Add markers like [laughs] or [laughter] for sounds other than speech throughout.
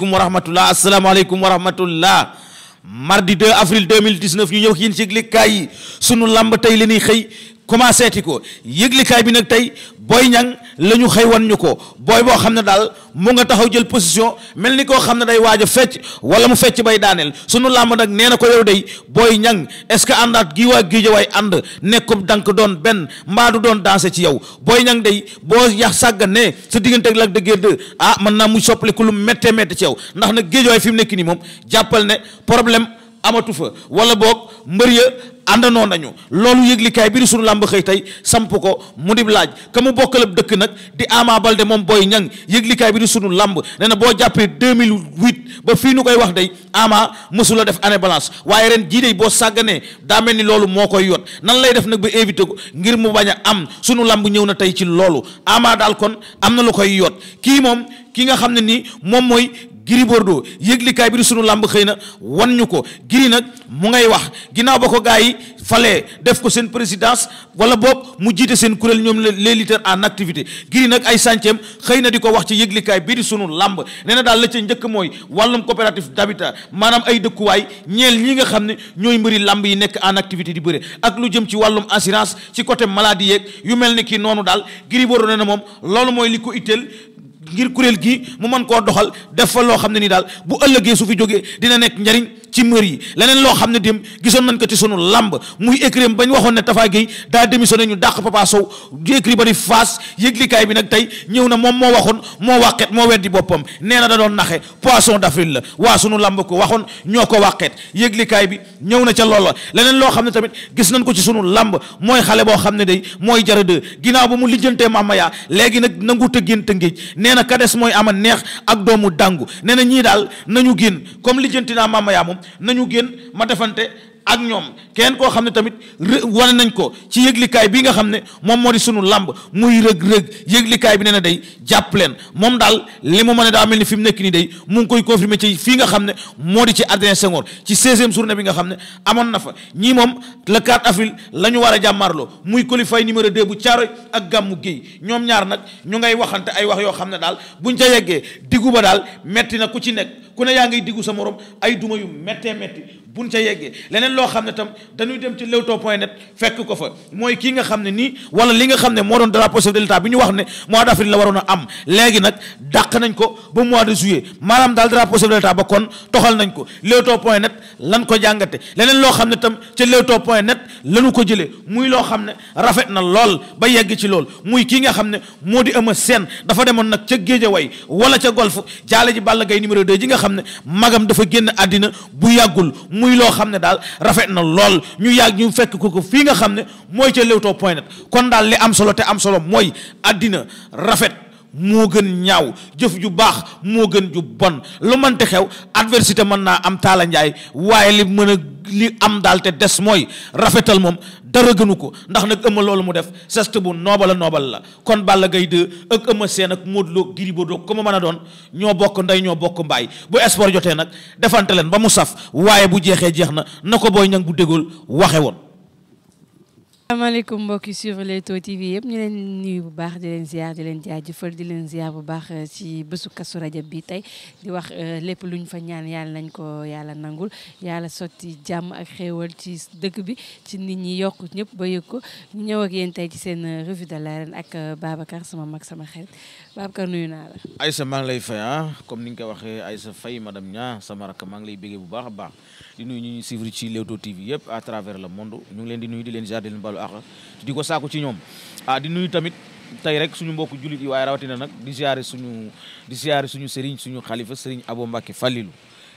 asalaamaaleykum wa rahmatullah asalaamaaleykum wa rahmatullah mardi 2 avril 2019 ñu ñëw yéen ci yëglikaay yi sunu lamb tey leenuy xëy commencé ti ko yëglikaay bi nag tey booy Niang la ñu xëy wan ñu ko booy boo xam ne daal mu nga taxaw jël position mel ni koo xam ne day waaj a fecc wala mu fecc bay daaneel sunu làmb nag nee na ko yow day booy ñan est-ce que àndaat gi waa géej waay ànd nekkub dank doon benn mbaa du doon danse ci yow booy ñang day boo yax sàgganee sa diggante ak Lac de Guiers ah mën naa mu soppaliku lu méttee métte ci yow ndax na géej waay fi mu nekk nii moom jàppal ne problème amatu fa wala boog mbër ya àndandoo nañu loolu yëglikaay bi di sunu làmb xëy tey samp ko mu di laaj ka mu bokkalab dëkk nag di Ama Baldé moom booy Niang yëglikaay bi di sunu làmb nee na boo jàppee 2008 ba fii nu koy wax day Ama mësula def année balance waaye ren jii day boo sàgganee daa mel ni loolu moo koy yot nan lay def nag ba éviter ko ngir mu bañ a am sunu làmb ñëw na tey ci loolu Ama daal kon am na lu koy yot kii moom ki nga xam ne nii moom mooy Gris Bordeaux yëglikaay bi di sunu làmb xëy na wan ñu ko Gris nag mu ngay wax ginnaaw ba ko gars yi falee def ko seen présidence wala bopp mu jiite seen kuréel ñoom les lutteurs en activité Gris nag ay sànceem xëy na di ko wax ci yëglikaay bi di sunu làmb nee na daal la ca njëkk mooy wàllum coopérative d'habitat maanaam ay dëkkuwaay ñeel ñi nga xam ne ñooy mbëri làmb yi nekk en activité di bëre ak lu jëm ci wàllum assurance ci côté maladie yeeg yu mel ni kii noonu daal Gris Bordeaux nee na moom loolu mooy li ko itteel ngir kuréel gi mu mën koo doxal def fa loo xam ne ni daal bu ëllëgee su fi jógee dina nekk njariñ ci mbër yi leneen loo xam ne dem gisoon nañ ko ci sunu lamb muy écrit bañ waxoon ne Tapha daa démissionné ñu dàq Papa Sow écrit ba di faas yëglikaay bi nag tey ñëw na moom moo waxoon moo wàqet moo weddi boppam nee na da doon naxe poisson d'avril la waa sunu lamb ko waxoon ñoo ko wàqet yëglikaay bi ñëw na ca loola leneen loo xam ne tamit gis nañ ko ci sunu làmb mooy xale boo xam ne day mooy jara de ginnaaw ba mu lijjantee Mamaya léegi nag nangu te génn te ngéej nee na kades mooy ama neex ak doomu dàngu nee na ñii daal nañu génn comme lijjanti naa Mamaya moom nañu génn ma defante ak ñoom kenn koo xam ne tamit wane nañ ko ci yëglikaay bii nga xam ne moom moo di sunu làmb muy rëg-rëg yëglikaay bi nee na day jàpp leen moom daal li mu mën a daa mel ni fi mu nekk nii day mu ngi koy confirmer ci fii nga xam ne moo di ci Adrien Senghor ci seizième journée bi nga xam ne amoon na fa ñii moom le 4 avril la ñu war a jàmmaarloo muy qualifié numéro 2 bu Thiaroye ak Gamou Gueye ñoom ñaar nag ñu ngay waxante ay wax yoo xam ne daal buñ ca yeggee diggu ba daal metti na ku ci nekk ku ne yaa ngi diggu sa morom ay duma yu méttee métti bu buñ ca yeggee leneen loo xam ne tam dañuy dem ci leewtoo point net fekk ko fa mooy kii nga xam ne nii wala li nga xam ne moo doon drapeau chef de l'état bi ñu wax ne mois d' avril la am léegi nag dàq nañ ko ba mois de juillet maanaam daal drapeau chef de l'état toxal nañ ko leewtoo point net lan ko jàngate leneen loo xam ne tam ca leewtoo point net lanu ko jëlee muy loo xam ne rafet na lool ba yegg ci lool muy kii nga xam ne moo di Eumeu Sène dafa demoon nag ca Géejawaay wala ca golf jaale ji Balla Gaye numéro 2 ji nga xam ne magam dafa génn àddina bu yàggul muy loo xam ne daal rafet na lool ñu yàgg ñu fekk ko ko fii nga xam ne mooy ca Leewtoo point net kon daal li am solo te am solo mooy àddina rafet moo gën ñaaw jëf ju baax moo gën ju bon lu mënte xew adversité mën naa am taala njaay waaye li mën a li am daal te des mooy rafetal moom dara gënu ko ndax nag ëmma loolu mu def sest bu noobala noobal la kon Balla Gaye 2 ak Eumeu Sène ak Modou Lo Gris Bordeaux ku ma mën a doon ñoo bokk ndey ñoo bokk mbaay bu espoir jotee nag defante leen ba mu saf waaye bu jeexee jeex na na ko booy ñang bu dégool waxe woon asalaamaaleykum mbokki suivre Leewtoo TV yëpp ñu leen nuyu bu baax di leen ziar di leen jaajëfal di leen ziar bu baax euh, ci bësu kasu rajab bi tey di wax euh, lépp luñ fa ñaan yàlla nañ ko yàlla nangul yàlla sotti jàmm ak xéewal ci dëkk bi ci nit ñi yokk ñëpp ba yëg ko ñu ñëw ak yéen tey ci seen euh, revue de l'arène ak Babacar sama mag sama xarit Babacar nuyu naa la. Aïssa maa ngi lay fay ah comme ni ko waxee Aïssa Faye madame Nia sama rakk lay bégee bu baax a baax di nuyu ñu ñuy suivre ci leen di baalu àq di ko saaku ci ñoom ah di nuyu tamit tey rek suñu mbokk jullit yi waaye rawatina nag di ziare suñu di ziare suñu sëriñ suñu xalifa sëriñ Abo Mbacke Fallilu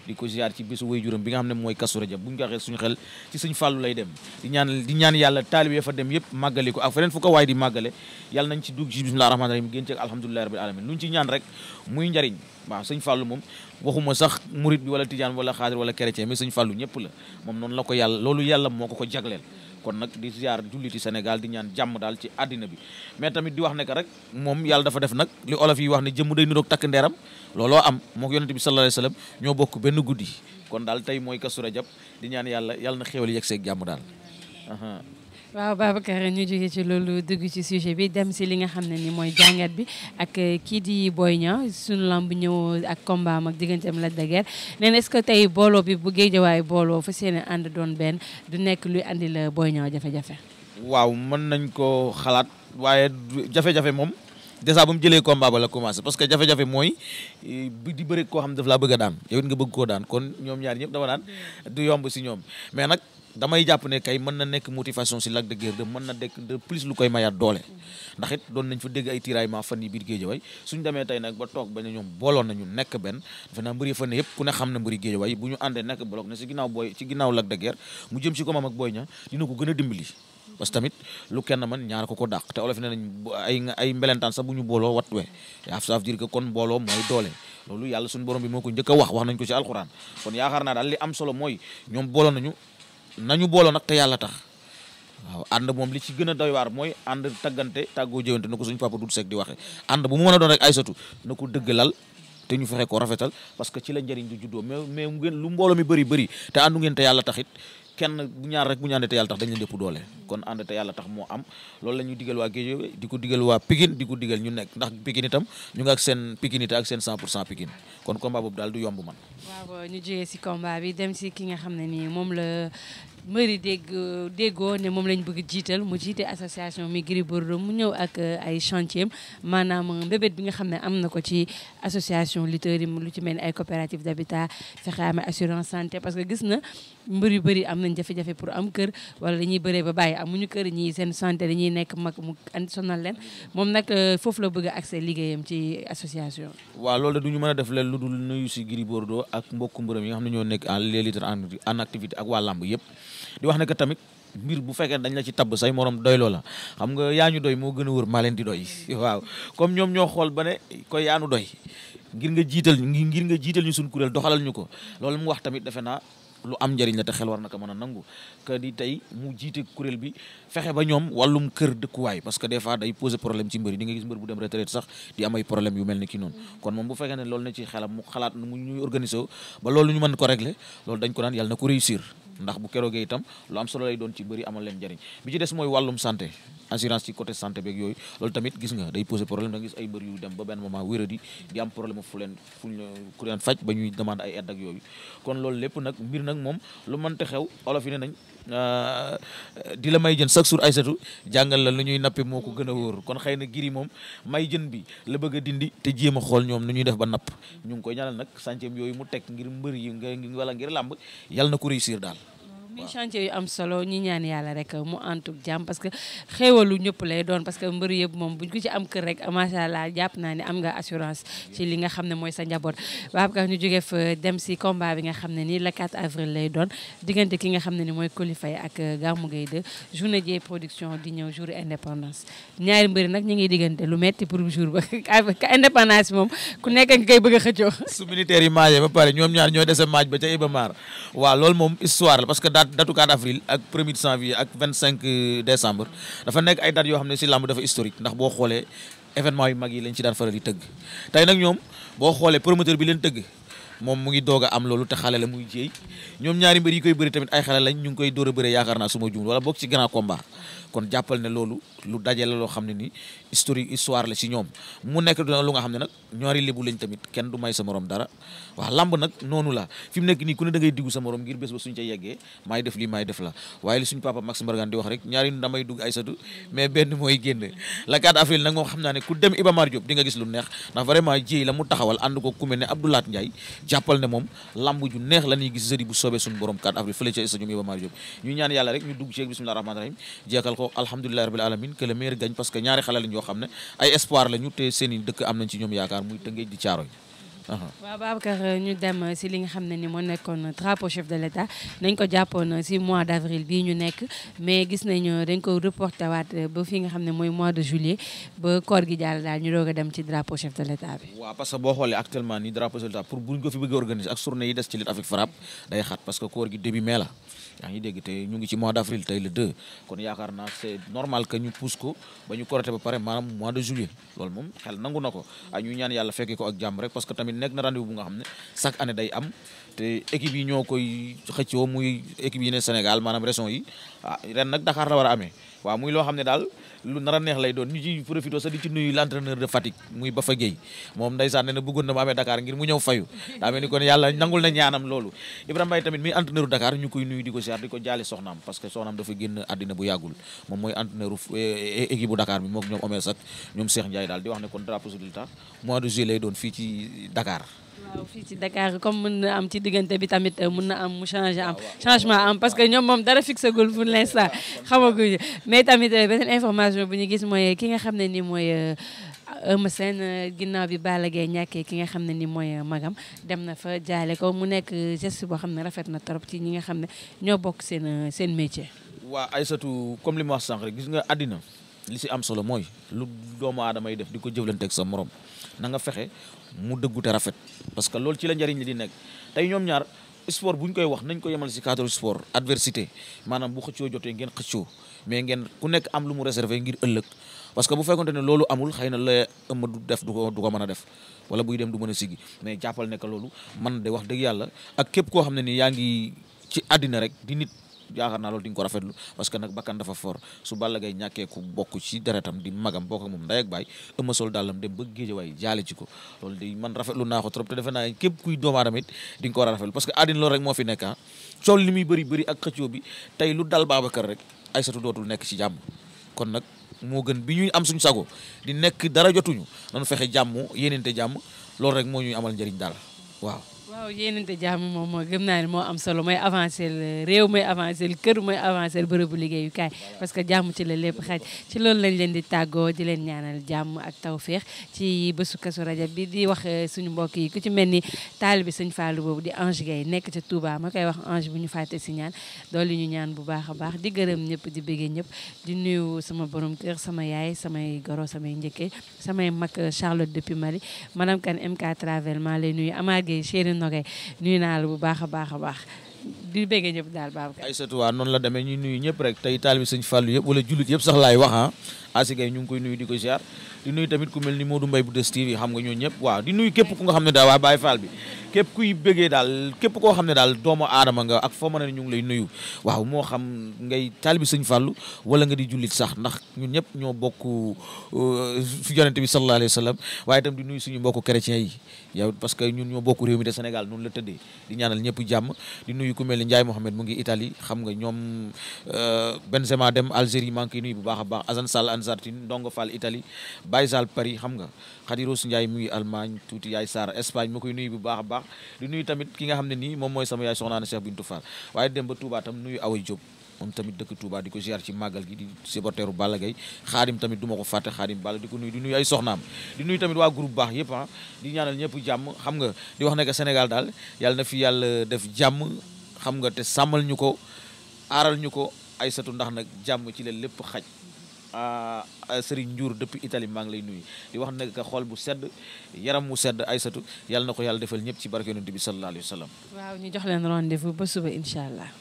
di ko ziar ci bésu waajuram bi nga xam ne mooy Kazu Rajab bu ñu ko suñu xel ci sëñ Fàllu lay dem di ñaan di ñaan yàlla taalib ya dem yëpp màggali ko ak feneen fu ko waay di màggale yàlla nañ ci dugg ci bismillahi rahmaani rahim alhamdulillahi rabbil alamin lu ñu ci ñaan rek muy njariñ waaw sëñ Fàllu moom waxuma sax murit bi wala tijaan wala xaadir wala chrétien mais sëñ Fàllu ñëpp la moom noonu la ko yàlla loolu yàlla moo ko ko jagleel kon nag di ziar julliti Sénégal di ñaan jàmm daal ci àddina bi mais tamit di wax ne que rek moom yàlla dafa def nag li olof yi wax ne jëmm day niroog takk ndeeram looloo am moo yonent bi sallallahu alayhi wasallam ñoo bokk benn guddi kon daal tey mooy Kazu Rajab di ñaan yàlla yàlla na xéewal yegg seeg jàmm daal waaw Babacar ñu jege ci loolu dugg ci sujet bi dem si li nga xam ne ni mooy jàngat bi ak eh, kii di Boy Niang suñu lamb ñëwoo ak kombaam ak digganteem Lac de Guiers nee na est-ce que tey booloo bi bu géejawaay booloo fa seen ànd doon benn du nekk luy andi la Boy Niang jafe-jafe. waaw mën nañ ko xalaat waaye jafe-jafe moom déjà ba mu jëlee combat ba la commencé parce que jafe-jafe mooy eh, di bëri koo xam daf laa bëgg a daan yow it nga bëgg koo daan ko ñoom ñaar ñëpp dafa daan du yomb si ñoom mais nag. damay jàpp ne kay mën na nekk motivation si Lac de Guiers 2 mën na dekk de plus lu koy mayaat doole mm-hmm. ndax doon nañ fa dégg ay tiraillement fan yi biir géejawaay suñ demee tey nag ba toog ba ne na mbëri géejawaay bu ñu àndee nekk bloc ne si ginnaaw booy a dimbali parce que tamit lu kenn man ko ko dàq te olof nee nañ bu ñu booloo wat we ça veut dire que kon booloo mooy doole loolu borom bi moo ko njëkk a wax wax nañ ko ñoom booloo nañu nañu booloo nag te yàlla tax waaw ànd moom li ci gën a doy waar mooy ànd taggante tàggoo jëwante na ko suñu papa Doudou Seck di waxe ànd bu mu mën a doon rek Aysatu na ko dëggalal te ñu fexe ko rafetal parce que ci la njëriñ du juddoo mais mais ngeen lu mbooloo mi bëri bëri te àndu ngeen te yàlla taxit kenn bu ñaar rek bu ñu te yàlla tax dañ leen doole kon ànd te yàlla tax moo am loolu la digal waa Guédiawaye di ko digal waa Pikine di digal ñu nekk ndax Pikine ñu ngi ak seen Pikinité ak seen 100 pour cent Pikine kon combat boobu daal du yomb man. waaw ñu jógee si combat bi dem si ki nga xam ne nii moom la mëri dégg déggoo ne moom lañ bëgg jiital mu jiite association mi Gris Bordeaux mu ñëw ak euh, ay chantier maanaam euh, mbébét bi nga xam ne am na ko ci association lutteurs yi lu ci mel ni ay coopérative d'habitat fexe amee assurance santé parce que gis na mbër yu bëri am nañ jafe pour am kër wala dañuy bëree ba bàyyi amuñu kër ñi seen santé dañuy nekk mag mu sonal leen moom nag euh, foofu la bëgg a accès liggéeyam ci association waaw loolu du ñu mën a def leen lu dul nuyu si Gris ak mbokk mbërëm yi nga xam ne ñoo nekk en les lutteurs en activité ak waa lamb yëpp di wax ne que tamit mbir bu fekkee dañ la ci tabb say morom doy loo xam nga yaa ñu doy moo gën a wër maa leen di doy [laughs] waaw comme ñoom ñoo xool ba ne koy yaanu doy ngir nga jiital ngir nga jiital ñu suñ kuréel doxalal ñu ko loolu mu wax tamit defe naa lu am njëriñ la te xel war na ko a nangu que di tey mu jiite bi fexe ba ñoom wàllum kër dëkkuwaay parce que bu dem retraite sax di am ay problème yu mel ni ki noonu kon moom bu fekkee ne loolu ne ñu mën ko régler loolu dañ ko naan yàlla na ko réussir ndax bu keroogee itam lu am solo lay doon ci bëri amal leen njariñ bi ci des mooy wàllum santé assurance ci côté santé beeg yooyu loolu tamit gis nga day poser problème da nga gis ay mbër yu dem ba benn moment wéradi di am problème fu leen fu ku leen faj ba ñuy demande ay aide yooyu kon loolu lépp nag mbir nag moom lu man mënta xew olof yi ne nañ euh, di la may jën chaque jour ay satu jàngal la lu ñuy nappe moo ko gën a wóor kon xëy na giri moom may jën bi la bëgg a dindi te jéem a xool ñoom nu ñuy def ba napp ñu ngi koy ñaanal nag sànceem yooyu mu teg ngir mbër yi nga wala ngir làmb yàlla na ko réussir daal muy chantier yu am solo ñi ñaan yàlla rek mu antuk jàmm parce que xéewalu ñëpp lay doon parce que mbër yëpp moom buñ ko ci am kër rek macha jàpp naa ne am nga assurance ci li nga xam ne mooy sa njaboot Babacar ñu jógee fa dem si combat nga xam ne nii le 4 xam ne mooy Coly Faye ak euh, Gamou Gueye 2 journée Dieye production di ñëw jour indépendance ñaari mbëri nag ñu ngi diggante lu metti pour jour ba [laughs] indépendance moom ku nekk nga koy bëgg a xëccoo su militaire yi maajee ba pare ñoom ñaar ñoo dese maaj ba ca Iba Mar datu 4 avril ak premier janvier ak 25 décembre dafa nekk ay dates yoo xam ne si làmb dafa historique ndax boo xoolee événement yu mag yi lañ ci daan faral di tëgg tey nag ñoom boo xoolee promoteur bi leen tëgg moom mu ngi doog am loolu te xale la muy jéey ñoom ñaari mbër yi koy bëri tamit ay xale lañ ñu ngi koy dóor a yaakaar naa suma juum wala bokk ci grand combat kon jàppal ne loolu lu daje loo xam ne ni historique histoire la ci ñoom mu nekk lu nga xam ne nag ñaari lébu lañ tamit kenn du may sa morom dara waaw lamb nag noonu la fi nii ku ne da ngay diggu sa morom ngir bés ba suñ ca def lii maay def la waaye li suñ papa Max Mbargane di wax rek ñaari damay dugg ay mais benn mooy génn la 4 avril nag xam naa ne ku dem Iba Mar Diop di nga gis lu neex ndax vraiment jéey la mu taxawal ànd ko ku mel ne Abdoulaat Ndiaye jàppal ne moom lamb ju neex la ñuy gis jeudi bu soobee suñu borom 4 avril fële ca stade Iba Mar Diop ñu ñaan yàlla rek ñu dugg ci bismillah rahmaan rahim jeexal ko alhamdulilahi rabbil alamin que le meilleur gagne parce que ñaari xale lañ yoo xam ne ay espoir la ñu te seen i dëkk am nañ ci ñoom yaakaar muy tëngeej di caaro Uh-huh. waaw Babacar euh, ñu dem euh, si li nga xam ne ni moo nekkoon drapeau chef de l'état dañ ko jàppoon euh, si mois d'avril bii ñu nekk mais gis nañu dañ ko reporté waat ba fi nga xam ne mooy mois de juillet ba koor gi jàll daal ñu doog a dem ci drapeau chef de l'état bi. waaw parce que boo xoolee actuellement ni drapeau chef de l'état pour buñ ko fi bëgg organiser ak journée des ci lutte avec frappe day xat parce koor gi début mai la. yaa ngi dégg te ñu ngi ci mois d' avril tey le 2 kon yaakaar naa c' est normal que ñu pousse ko ba ñu korate ba pare maanaam mois de juillet lool moom xel nangu na ko a ah, ñu ñaan yàlla fekkee ko ak jàmm rek parce que tamit nekk na rendez-vous nga xam ne chaque année day am te équipe yi ñoo koy xëccoo muy équipe yi ne Sénégal maanaam région yi a ah, ren nag Dakar la war a amee waaw muy loo xam ne daal lu nara a neex lay doon ñu ci profité sax di ci nuyu l'entraîneur de Fatick muy Bafa Gueye moom ndeysaan ne na bëggoon na mu amee Dakar ngir mu ñëw fayu daa mel ni kon nangul na ñaanam loolu Ibrahima Mbaye tamit muy entraîneur Dakar ñu koy nuyu di ko siyaar di ko jaale soxnaam parce que soxnaam dafa génn àddina bu yàggul moom mooy entraîneur eh, eh, équipe bu Dakar bi mook ñoom Omer Seck ñoom Cheikh Ndiaye daal di wax ne kon drapeau résultat mois de juillet lay doon fii ci Dakar waaw fii ci Dakar comme mën na am ci diggante bi tamit euh, mën na am mu changé am ah, changement am parce que ñoom moom dara fixé gul pour l'instant [laughs] xamaguñu mais tamit euh, beneen information bu ñu gis mooy ki nga xam ne nii mooy euh, Eumeu Sène ginnaaw bi Balla Gaye ki nga xam ne ni mooy magam dem na fa jaale ko mu nekk geste boo xam ne rafet na trop ci ñi nga xam ne ñoo bokk seen seen métier. waa Aïssatou comme li ma wax sànq rek gis nga àddina li si am solo mooy lu doomu aadama yi def di ko jëflante ak sa morom na nga fexe mu dëggu te rafet parce que loolu ci la njariñ li di nekk tey ñoom ñaar sport bu ñu koy wax nañ ko yemal si cadre sport adversité maanaam bu xëccoo jotee ngeen xëccoo mais ngeen ku nekk am lu mu réservé ngir ëllëg parce que bu fekkonte ne loolu amul xëy na la ëmb du def du ko du ko mën a def wala buy dem du mën a siggi mais jàppal ne que loolu man de wax dëgg yàlla ak képp koo xam ne ni yaa ngi ci àddina rek di yaakaar naa loolu di nga ko rafetlu parce que nag bakkan dafa fort su Balla Gaye ñàkkee ku bokk ci deretam di magam bokk ak moom ndey ak baay Eumeu Sol dem ba Guédiawaye jaale ci ko loolu di man rafetlu naa ko trop te defe naa képp kuy doomu aadama it di nga ko war a rafetlu parce que àddina loolu rek moo fi nekk ah coow li muy bëri bëri ak xëccoo bi tey lu dal Babacar rek Aysatu dootul nekk ci jàmm kon nag moo gën bi ñuy am suñu sago di nekk dara jotuñu nañu fexe jàmm yéenente jàmm loolu rek moo ñuy amal njëriñ daal waaw waaw yéenante jàmm moom gëm naa ne moo am solo mooy avancé réew mooy avancé kër mooy avancé bërëbu liggéeyukaay parce que jàmm ci la lépp xaj ci loolu lañ leen di tàggoo di leen ñaanal jàmm ak taw tawféex ci bésu kasu rajab bi di wax eh, suñu mbokk yi ku ci mel ni taalibi sëñ Fallou boobu di Ange Gueye nekk ca Touba ma koy wax Ange bu ñu fàtte si ñaan doolu ñu ñaan bu baax a baax di gërëm ñëpp di béggee ñëpp di nuyu sama borom kër sama yaay samay goro samay njëkke samay mag eh, Charlotte depuis Mali nogay nuyu naa bu baax a baax a baax di bëggee ñëpp daal Babacar. ay sa satuwaa noonu la demee ñu nuyu ñëpp rek tey taalibi sëñ Fallou yëpp wala jullit yëpp sax laay wax ah Asi Gaye ñu ngi koy nuyu di ko ziar di nuyu tamit ku mel ni Modou Mbaye bu des TV xam nga ñoo ñëpp waaw di nuyu képp képp koo xam ne daal doomu aadama nga ak foo mën ne ñu ngi lay nuyu moo xam ngay taalibi sëñ Fallu wala nga di jullit sax ndax ñun ñëpp ñoo bokk euh, su yonente bi sallallahu alayhi wa sallam waaye tam di nuyu suñu mbokku chrétiens yi yow parce que ñun ñoo bokk réew mi noonu la tëddee di ñëpp jàmm di nuyu ku mel ni Ndiaye Mohamed mu ngi Italie xam nga ñoom euh, Benzema dem Algérie maa ngi koy nuyu bu baax a baax Assane Sall Argentine Ndongo Fall Italie Baye Sall Paris xam nga Khady Rose Ndiaye mu ngi Allemagne tuuti yaay Sarr Espagne ma koy nuyu baax a baax di nuyu nga xam ne nii moom mooy sama yaay soxnaa na Cheikh Bintou Fall waaye dem ba Touba tam nuyu Awa Diop moom tamit dëkk Touba di ko ziar ci màggal gi di supporteru Balla Gaye xaadim tamit du ma ko fàtte xaadim Balla di ko nuyu di nuyu ay soxnaam di nuyu tamit waa groupe baax yëpp ah, di ñaanal ñëpp jàmm xam nga di wax ne que Sénégal daal yal na fi yàlla def jàmm xam nga te sàmmal ñu ko aaral ñu ko ay satu ndax nag jàmm la lépp Ah, ah, Serigne Ndiour depuis Italie maa ngi lay nuyu di wax nag xool bu sedd yaram mu sedd Aysatu yàlla na ko yàlla defal ñëpp ci barke yonent bi sallallahu alayhi wa waaw ñu jox leen rendez-vous ba suba incha allah.